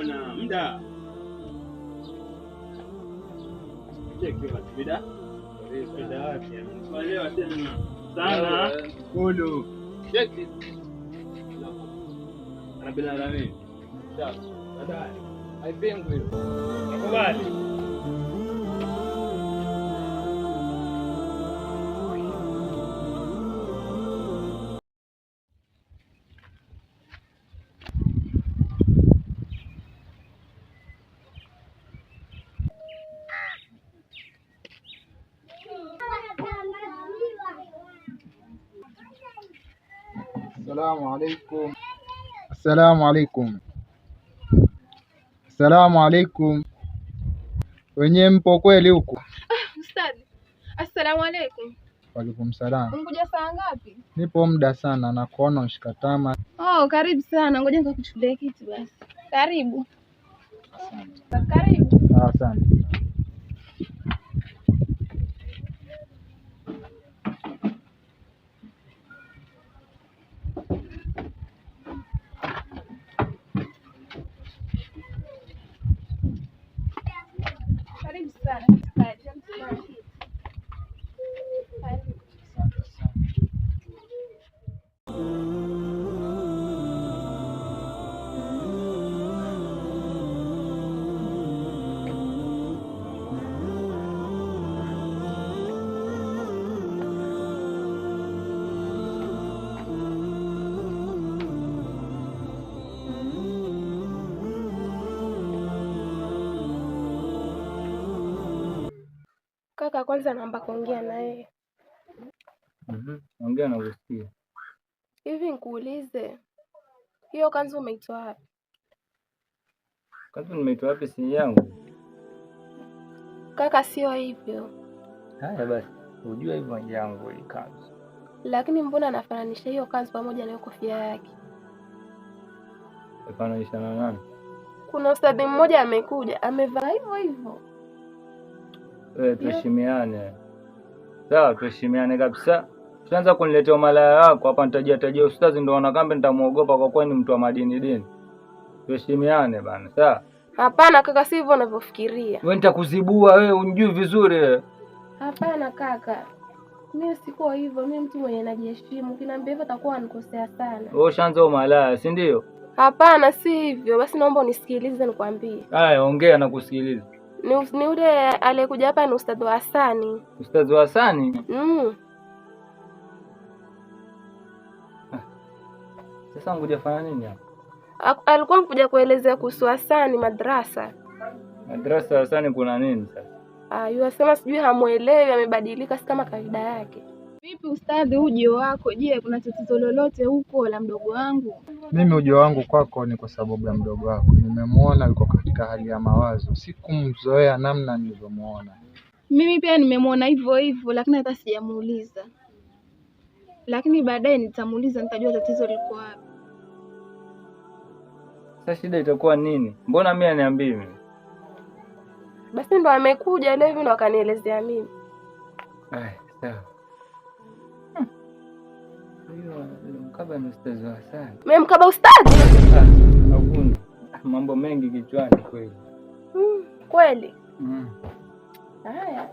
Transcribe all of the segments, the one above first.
bwana muda elewa tena sana kulu anabila nani? Nakubali. Assalamu alaikum. Assalamu alaikum. Assalamu alaikum. mpo kweli huko? Ah, Assalamu alaikum. Waalaikum salam. Unkuja saa ngapi? Nipo muda sana na kuona ushikatama. Oh, karibu sana. Ngoja nikakuchukulie kitu basi. Karibu. Asante. Karibu. Asante. kaka kwanza naomba kuongea na yeye. Mhm. Ongea na usikie. Hivi nikuulize, hiyo kanzu umeitoa wapi? Kanzu nimeitoa wapi? Si yangu kaka, sio hivyo. Haya basi, hujua hivyo yangu hii kanzu. Lakini mbona anafananisha hiyo kanzu pamoja na kofia yake? na nani? Kuna ustadhi mmoja amekuja amevaa hivyo hivyo E, tuheshimiane sawa, tuheshimiane kabisa. Tutaanza kuniletea malaya yako hapa, nitajia tajia ustazi ndo wanakambe, nitamuogopa kwa kuwa ni mtu wa madini dini. Tuheshimiane bana, sawa? Hapana kaka, si hivyo unavyofikiria wewe. Nitakuzibua wewe, unijui vizuri wewe. Hapana kaka, mimi siko hivyo. Mimi mtu mwenye najiheshimu, kinaambia hivyo takuwa nikosea sana. Wewe ushaanza umalaya, si ndio? Hapana, si hivyo. Basi naomba unisikilize nikwambie. Haya, ongea, nakusikiliza ni ule aliyekuja hapa ni Ustadhi wa Hasani. Ustadhi wa Hasani? Mm. Ah, sasa ngoja fanya nini hapa? Alikuwa mkuja kuelezea kuhusu Hasani madrasa. Madrasa Hasani kuna nini sasa? Ah, yasema sijui hamwelewi, amebadilika si kama kawaida yake. Vipi ustadhi ujio wako? Je, kuna tatizo lolote huko la mdogo wangu? Mimi ujio wangu kwako ni kwa sababu ya mdogo wako. Nimemwona yuko katika hali ya mawazo, sikumzoea namna nilivyomwona. Mimi pia nimemwona hivyo hivyo, lakini hata sijamuuliza, lakini baadaye nitamuuliza, nitajua tatizo liko wapi. Sasa shida itakuwa nini? Mbona mimi aniambii mimi? Basi ndo amekuja leo hivi ndo akanielezea mimi. Ai, eh, sawa. Mkaba eh, ni ustazi wa sana. Mimi mkaba ustazi? Ah, hakuna. Mambo mengi kichwani kweli. Mm, kweli. Mm. Haya.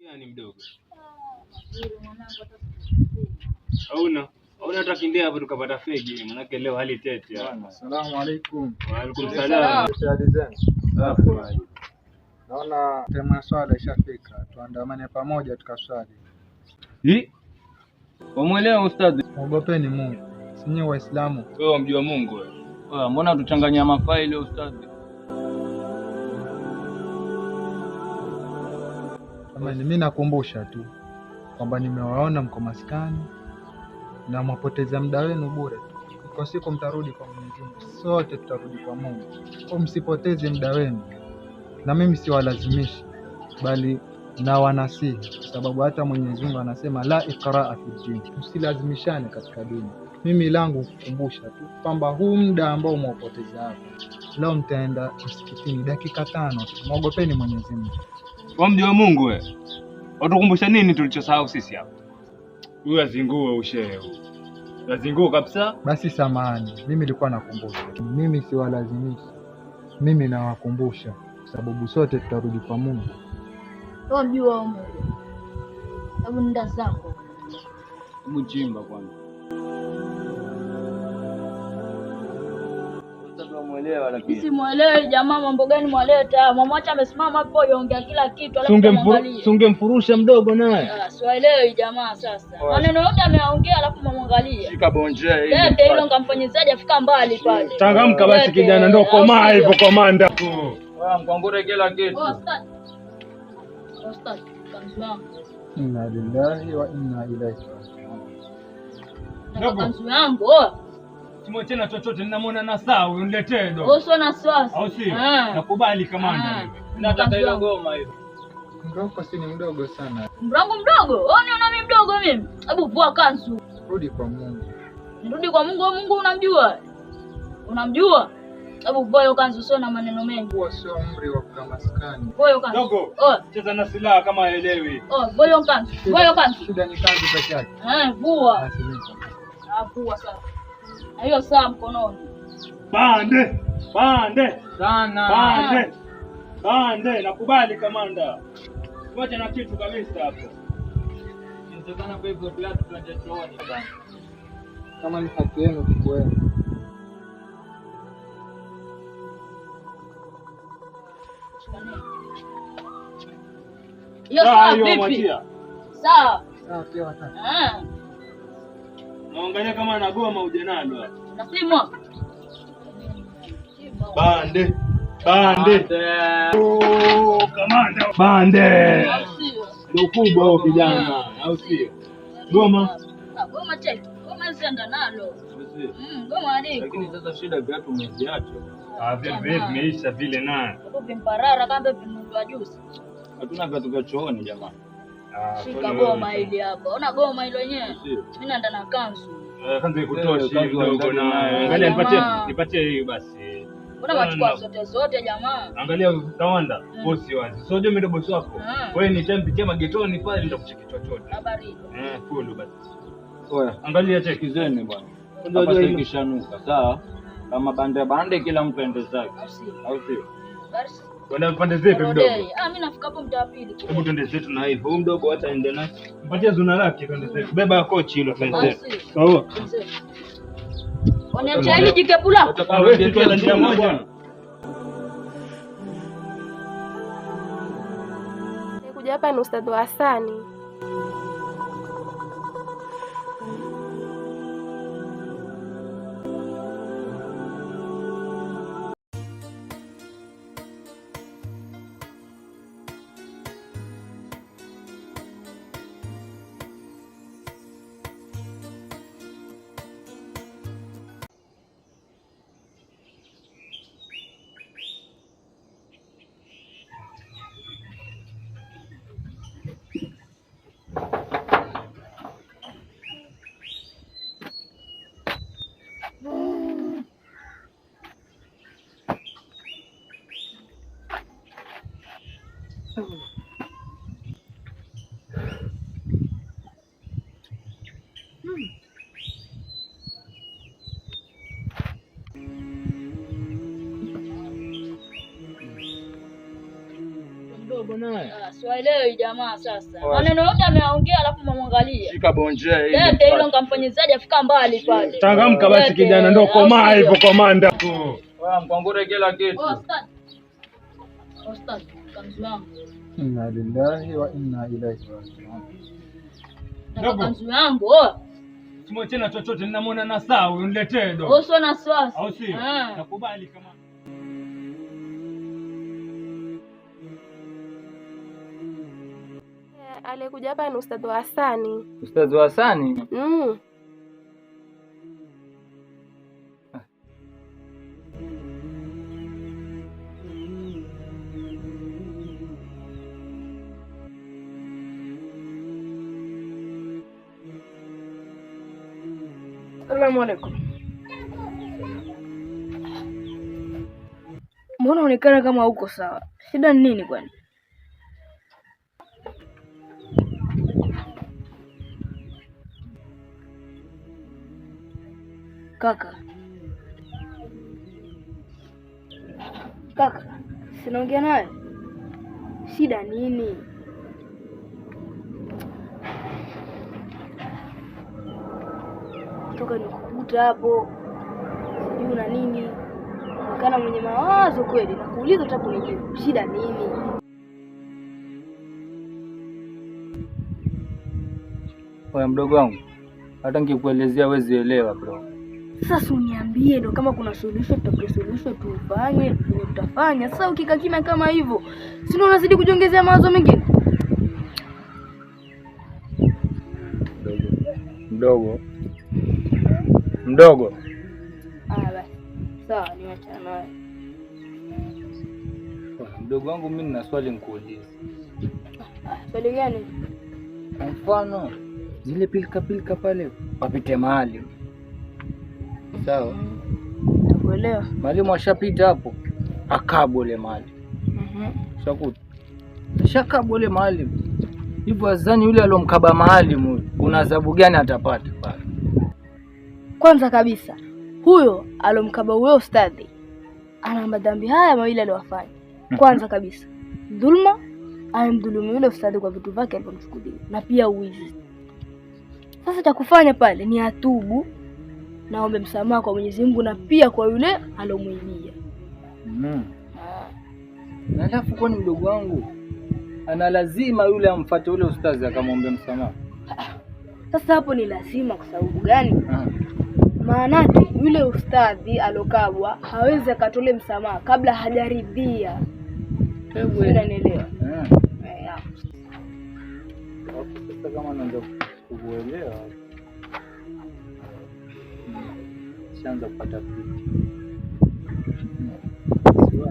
Yaani mdogo. Hauna. Hauna hata kindea hapo tukapata fegi, maana leo hali tete. Asalamu alaykum. Wa alaykum salaam. Naona tema ya swala ishafika, tuandamane pamoja tukaswali. Wamwelewa ustadhi? Mwogopeni Mungu, sinyi Waislamu. Wewe wamjua Mungu wewe? Ah, mbona tuchanganya mafaili ustadhi? Mimi nakumbusha tu kwamba nimewaona mko maskani na mwapoteza muda wenu bure tu, kwa siku mtarudi kwa sote tutarudi kwa Mungu. Kwa msipoteze muda wenu, na mimi siwalazimishi, bali na wanasihi, kwa sababu hata Mwenyezi Mungu anasema la ikraa fi dini, msilazimishane katika dini. Mimi langu kukumbusha tu kwamba huu muda ambao umeupoteza hapo, lao mtaenda msikitini dakika tano tu, mwogopeni Mwenyezi Mungu. Kwa mji wa Mungu watukumbusha nini tulichosahau sisi hapa? Huyu azingue ushehe huu. Nazinguo kabisa. Basi samani mimi nilikuwa nakumbusha. Mimi siwalazimishi, mimi nawakumbusha, sababu sote tutarudi kwa Mungu. Wamjua Mungu. Hebu nenda zako. Mchimba kwanza. Simwelewi jamaa, mambo gani mwaleta? Mwamwacha amesimama hapo yongea kila kitu, sungemfurusha mdogo naye. Ah, siwaelewi jamaa, sasa maneno yote alafu mwamwangalia. Shika bonje eh, hilo, ngamfanyizaje? Afika mbali pale. Changamka basi kijana, ndio komaa hivyo komanda. kila kitu. Inna lillahi wa inna ilaihi raji'un. Kanzu yangu Simo tena chochote, ninamwona na sawa, uniletee dogo. Uso na swasi. Au sio? Eh. Nakubali kamanda mimi. Nataka ile goma hiyo. Mroko si ni mdogo sana. Mrangu mdogo? Wewe unaona mimi mdogo mimi? Hebu vua kanzu. Rudi kwa Mungu. Rudi kwa Mungu, Mungu unamjua. Unamjua? Hebu vua hiyo kanzu, sio na maneno mengi. Huo sio umri wa kukaa maskani. Vua hiyo kanzu. Dogo. Oh. Cheza na silaha kama haelewi. Oh, vua hiyo kanzu. Vua hiyo kanzu. Shida ni kanzu peke yake. Eh, vua. Ah, vua sasa na hiyo saa mkononi. Bande bande sana bande bande, nakubali kamanda, tuache na kitu kabisa hapo. Inawezekana kwa hivyo bila tuende kama ni haki yenu tukueni. Hiyo sawa. vipi? Sawa. Sawa, pia watatu. Ah. Naangalia kama anagoma ujenando. nasimwa Bande. Bande. Oh, kamanda. Bande. Ndio kubwa huo kijana, au sio? Goma. Ah, goma che Goma zenda nalo. Mm, goma aliko. Lakini sasa shida viatu umeziacha. Ah, ah viatu vile vimeisha vile naye. Hapo vimparara kambe vimundwa juzi. Hatuna viatu vya chooni jamani. Ah, Shika goma hili hapa. goma hilo wenyewe. Mimi naenda na kanzu. Eh, eh, ah, zote zote jamaa? Angalia eh. wako. Wewe ni tempitia magetoni pale nitakucheki chochote. angalia cheki zeni bwana. Hapa sawa? Kama bande bande kila mtu ende zake. Au sio? Wala pande zipi mdogo? Ah, mimi nafika hapo mtaa pili. Hebu twende zetu na hivyo. Huyu mdogo acha aende naye. Mpatie zuna lake twende zetu. Beba kochi hilo twende zetu. Sawa. Wanacha hili yaani jikepula. Wewe tu njia moja. Kuja hapa ni Ustadh Hassani. Siwaelewi jamaa sasa. Maneno yote ameongea alafu mamwangalia. Shika bonje hii. hilo ngamfanyizaje afika mbali pale. Tangamka basi kijana ndio komaa hivyo komanda. Wewe kila kitu kanzu yangu. Inna lillahi wa inna ilaihi rajiun. kanzu yangu. Simo tena chochote, ninamwona na saa huyo, niletee dogo. Usio na swasi. Au sio? Ah. Nakubali kama eh, alikuja hapa ni Ustadhi wa Hasani. Ustadhi wa Hasani? Mm. আসসালামু Mbona unaonekana kama uko sawa? Shida ni nini kwani? Kaka, kaka, sinaongea naye. Shida nini? nimetoka nikukuta hapo sijui na nini, kana mwenye mawazo kweli, nakuuliza utakujibu shida nini? Oya mdogo wangu, hata nikikuelezea huwezi elewa bro. Sasa si uniambie ndo kama kuna suluhisho tutapata suluhisho tufanye ndio tutafanya. Sasa ukikaa kimya kama hivyo, si ndio unazidi kujiongezea mawazo mengine? Mdogo, mdogo mdogo. Mdogo wangu, mimi nina swali nikuulize. Ah, swali gani? Kwa mfano zile pilika pilika pale wapite mahali sawa, nakuelewa. Mwalimu ashapita hapo, akabwa ile mahali mhm. shakuta shakabwa ile mahali hivyo, azani yule aliomkaba mahali, kuna adhabu gani atapata pale? Kwanza kabisa huyo alomkaba huyo ustadhi ana madhambi haya mawili aliyofanya. Mhm. Kwanza kabisa dhulma, amemdhulumu yule ustadhi kwa vitu vyake alivyomchukulia, na pia uwizi. Sasa cha kufanya pale ni atubu, naombe msamaha kwa Mwenyezi Mungu na pia kwa yule alomwibia. Mm. Ah. Alafu kwani mdogo wangu ana lazima yule amfuate yule ustadhi akamwombe msamaha? Ah, ah. Sasa hapo ni lazima, kwa sababu gani? Mhm maanake yule ustadhi alokabwa hawezi akatole msamaha kabla hajaridhia. Unanielewa? Eh. Sasa kama naanza kuelewa, shaanza kupata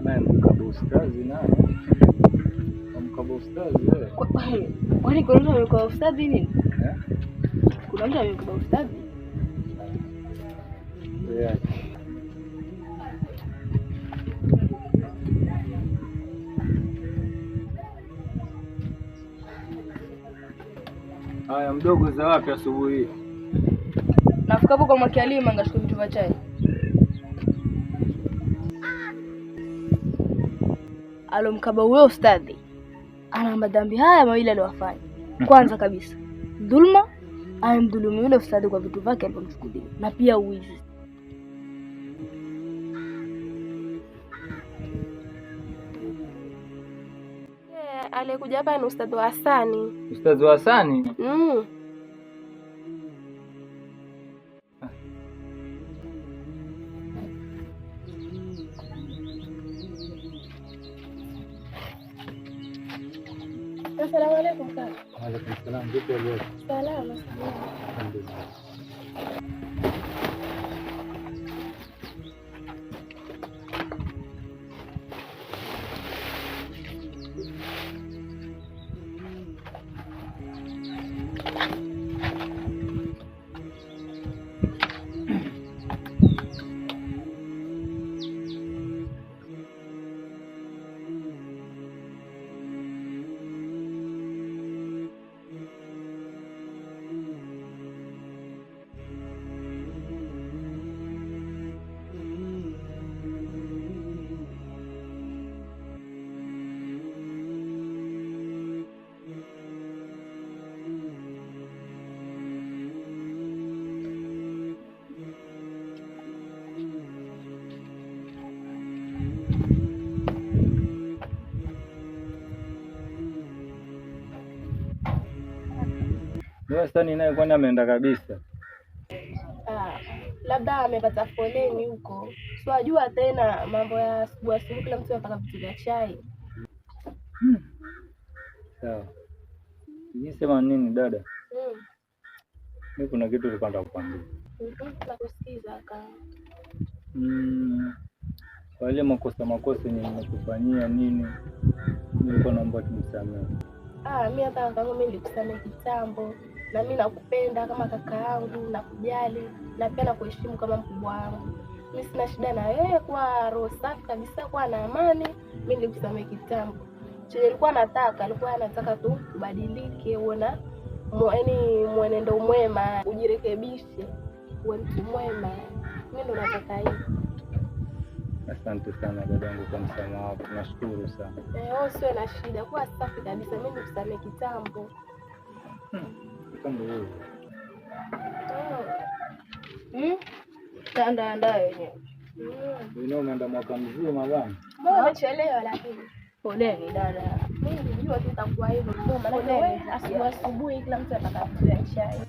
naye ustadhi naye mkaba ustadhi eh. kwani kuna mtu amekuwa ustadhi nini? Eh? Kuna mtu amekuwa ustadhi yeah. Haya, mdogo, za wapi asubuhi Nafika hapo kwa Mwakialima ngachukua vitu vya chai. Alomkaba huyo ustadhi ana madhambi haya mawili aliyofanya. Kwanza kabisa dhulma, amemdhulumu yule ustadhi kwa vitu vyake alivyomchukulia, na pia uizi. aliyekuja hapa ni Ustadhi wa Hasani. Ustadhi wa Hasani? Mm. Assalamu alaykum. Wa alaykum salaam. Salama. wastani naye kwani ameenda kabisa? Ah, labda amepata foleni huko, si wajua tena mambo ya asubuhi asubuhi, kila mtu anataka vitu vya chai. Hmm. Sawa, sijui sema nini dada. Hmm. mi kuna kitu nilikuwa nataka kukwambia. Mm. Mm-hmm, hmm. Wale makosa makosa yenye nimekufanyia nini, nilikuwa naomba tunisamehe. Ah, mimi hata kaka, mimi nilikusamehe kitambo na mimi nakupenda kama kaka yangu, nakujali na pia nakuheshimu kama mkubwa wangu. Mimi sina shida na wewe, kwa roho safi kabisa, kwa na amani. Mimi nilikusamehe kitambo, chenye nilikuwa nataka, alikuwa nataka tu ubadilike, uona yaani mwenendo mwema, ujirekebishe, uwe mtu mwema. Mimi ndo nataka hivi. Asante sana dadangu kwa msamaha wako, nashukuru sana. Eh, usiwe na shida, kuwa safi kabisa. Mimi nikusamehe kitambo. Hmm. Tandaandaa oh. hmm? wenyewe, umeenda mwaka mzima bwana. Umechelewa lakini poleni dada, mimi nilijua tu itakuwa hivyo. Asubuhi kila mtu atakapokuja chai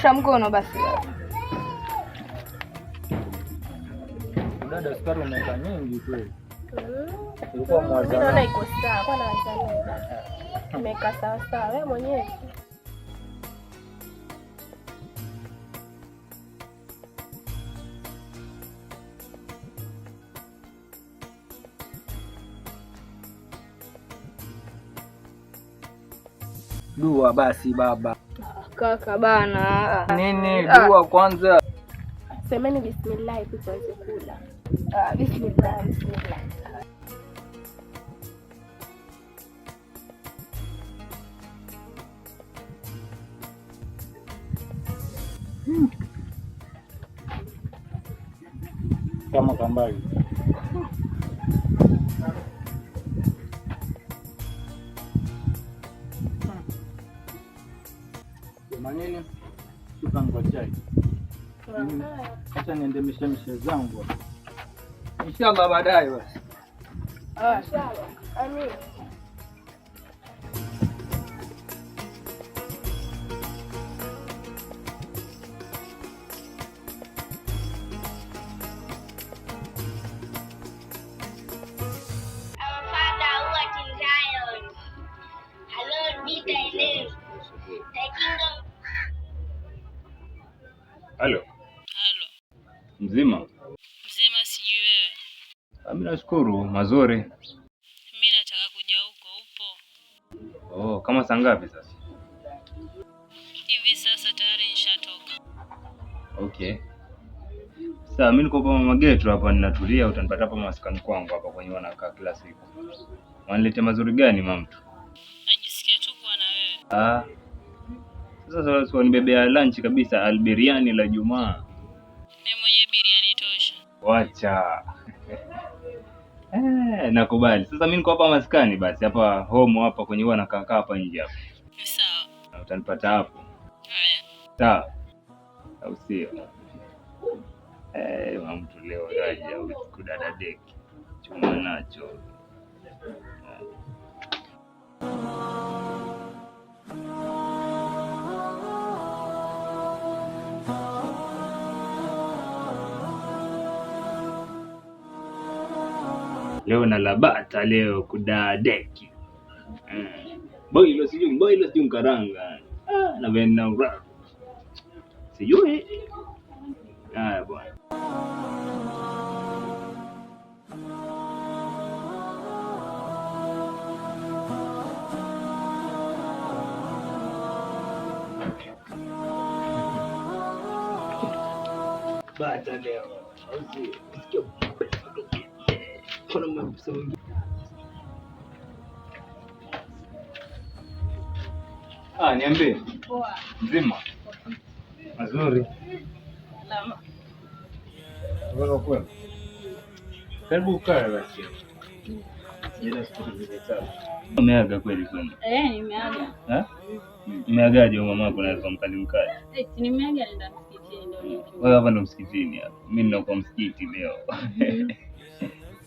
Osha mkono basi. Dada, sukari umeweka nyingi kweli. Hmm. Hmm. Naona iko sawa, umeweka sawa sawa wewe mwenyewe. Dua basi baba kaka bana. Nini ah. dua kwanza? Semeni bismillah ili tuweze kula. Ah, bismillah, bismillah. Kama kambali kipango chake. Acha niende mishemishe zangu inshallah, baadaye basi. Ah, inshallah. Amin. mazuri. Mimi nataka kuja huko, upo? Oh, kama saa ngapi sasa? Hivi sasa tayari nishatoka. Okay. Sasa mimi niko kwa mama getu hapa ninatulia, utanipata hapa maskani kwangu hapa kwenye wanakaa kila siku. Wanilete mazuri gani mama mtu? Najisikia tu kuwa na wewe. Ah. Sasa sasa nibebea lunch kabisa albiriani la Jumaa. Mimi mwenye biriani tosha. Wacha. Eh, nakubali. Sasa mimi niko hapa maskani basi, hapa home hapa kwenye huwa nakaa hapa nje hapa. Sawa. Utanipata hapo. Haya. Sawa. Au sio? Eh, mtu leo yaje au kudada deki. Chuma nacho. leo na labata leo kudadeki eh, boilo sijui boilo sijui karanga ah, navena sijui haya bwana bata leo kuna maafisa wengine Ah, niambie. Poa. Mzima. Mazuri. Salama. kwema? Karibu ukae basi. Umeaga kweli kwema? Eh, nimeaga. Ha? Umeagaje mama yako naweza mkalimkaji? Eh, nimeaga nenda msikitini ndio. Wewe hapa ndo msikitini hapa. Mimi ninakuwa msikiti leo. Mhm.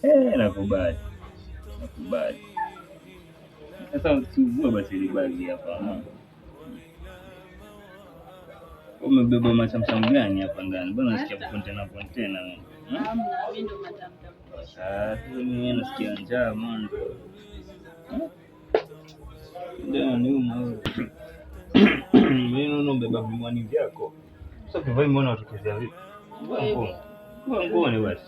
Eh, nakubali nakubali. Sasa usiuvue basi ile bagi hapa. Umebeba machamcham gani hapa ndani? Mbona nasikia kontena hmm? kontena? Mimi nasikia njaa mwana. Ndio niuma. Mimi naona mbeba vimwani vyako. Sasa vivai mbona watokezea vipi? Ngoa ngoni basi.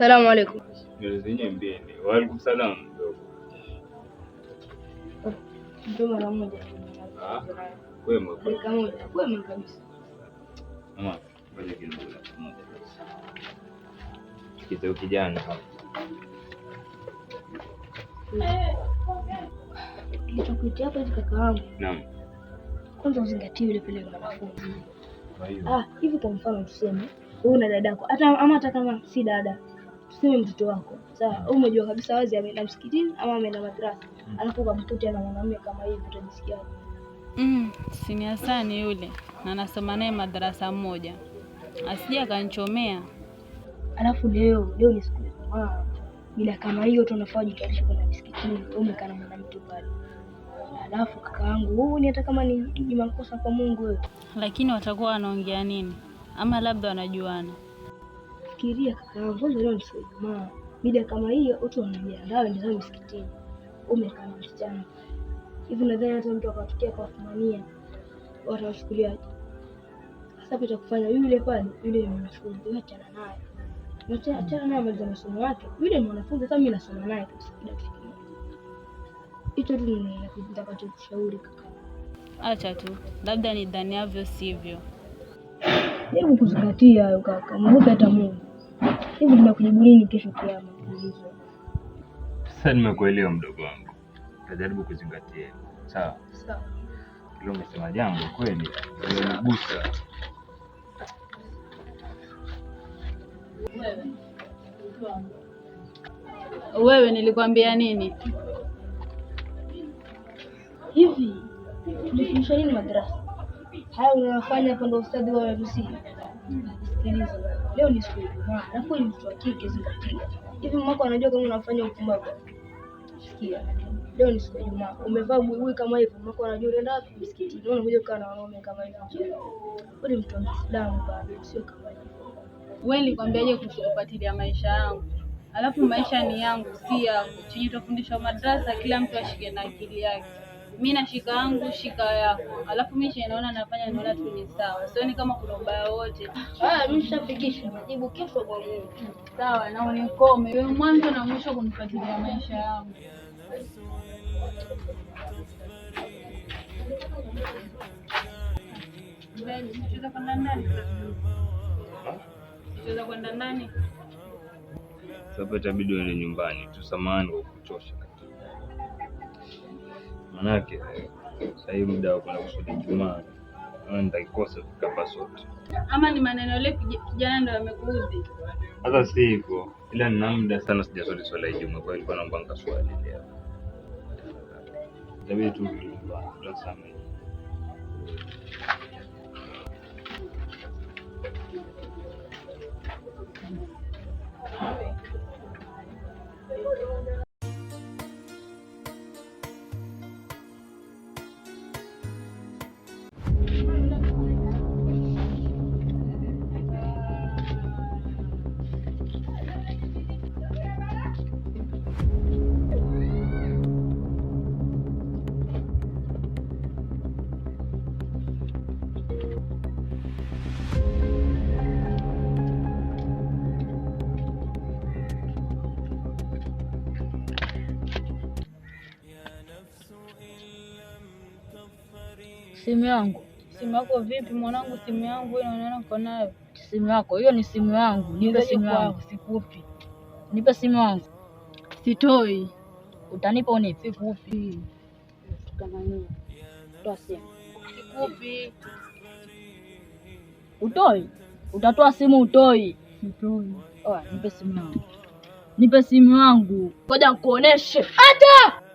Salamu alaikum. Zenye mbili. Waalaikum salam. Kitu kijana hapa hivi, kaka wangu. Naam. Kwanza uzingatie yule pale mwanafunzi. Ah, hivi kwa mfano tuseme wewe una dadako hata ama hata kama si dada tuseme mtoto wako sawa, au umejua kabisa wazi ameenda msikitini ama ameenda madrasa, mm. alafu ukamkuta na mwanamume kama hivi, utajisikiaje? Mm, sini Hasani yule na nasoma naye madarasa moja, asije akanchomea. Alafu leo leo ni siku ya bila kama hiyo tu unafaa jitayarishe kwenda msikitini, umekaa na mwanamke pale. Alafu kaka yangu huu ni hata kama ni ni makosa kwa Mungu wewe, lakini watakuwa wanaongea nini? Ama labda wanajuana Fikiria kaka yangu, kwanza leo ni Ijumaa, mida kama hiyo watu wanajiandaa ndio zao msikitini. Umekaa na msichana hivi, nadhani hata mtu akatokea kwa kumania watawachukuliaje? Sasa pita kufanya yule pale, yule ni mwanafunzi, achana naye, achana naye, maliza masomo yake. Yule ni mwanafunzi, sasa mimi nasoma naye kabisa. Hicho tu kushauri kaka. Acha tu, labda ni dhaniavyo sivyo. Hebu kuzingatia kaka, mvuke hata Mungu hivi tunakujibu lini kesho kiama? Sasa nimekuelewa mdogo wangu, tajaribu kuzingatia. Sawa sawa. Kile umesema jambo kweli imegusa wewe. Nilikwambia nini? Hivi tulifundisha nini madrasa? Haya unayofanya hapo ustadi wa warusi. Sikiliza leo ni siku ya Ijumaa na kweli mtoto wa kike zingatia. Hivi mamako anajua kama unafanya upumbavu? Sikia. Leo ni siku ya Ijumaa. Umevaa buibui kama hivi, mamako anajua unaenda wapi msikitini. Unaona unakuja kukaa na wanaume kama hivi? je? Wewe mtu wa Muislamu bado sio kama hivi. Wewe nilikwambiaje kufuatilia maisha yangu? Alafu maisha ni yangu si yako. Chenye tufundishwa madrasa kila mtu ashike na akili yake mi na shika yangu shika yako, alafu mi shenaona nafanya naona tu ni sawa, sioni kama kuna ubaya wote. Ah, mi shafikisha majibu kesho kwa Mungu, sawa na unikome wewe mwanzo na mwisho kunifuatilia maisha yangu. Tunaweza kwenda ndani, tunaweza kwenda ndani, itabidi uende nyumbani tu. kwa kuchosha. Manake sahii hii muda wa kwenda Jumaa Ijumaa nitaikosa tukapa sote. Ama ni maneno le kijana ndo yamekuudhi? Hata si hivyo, ila nina muda sana sijaswali swala ya Ijumaa, kwa hiyo nilikuwa naomba nikaswali leo. Itabidi tu tutasamehe. Simu yangu. Simu yako vipi mwanangu? Simu yangu hiyo unaona uko nayo? Simu yako hiyo ni simu yangu, nipe simu yangu. Sikupi, nipe simu yangu. Sitoi. Utanipa unipe? Sikupi. Toa simu. Sikupi. Utoi? Utatoa simu? Utoi? Sitoi. Oya, nipe simu yangu, nipe simu yangu. Ngoja nikuoneshe hata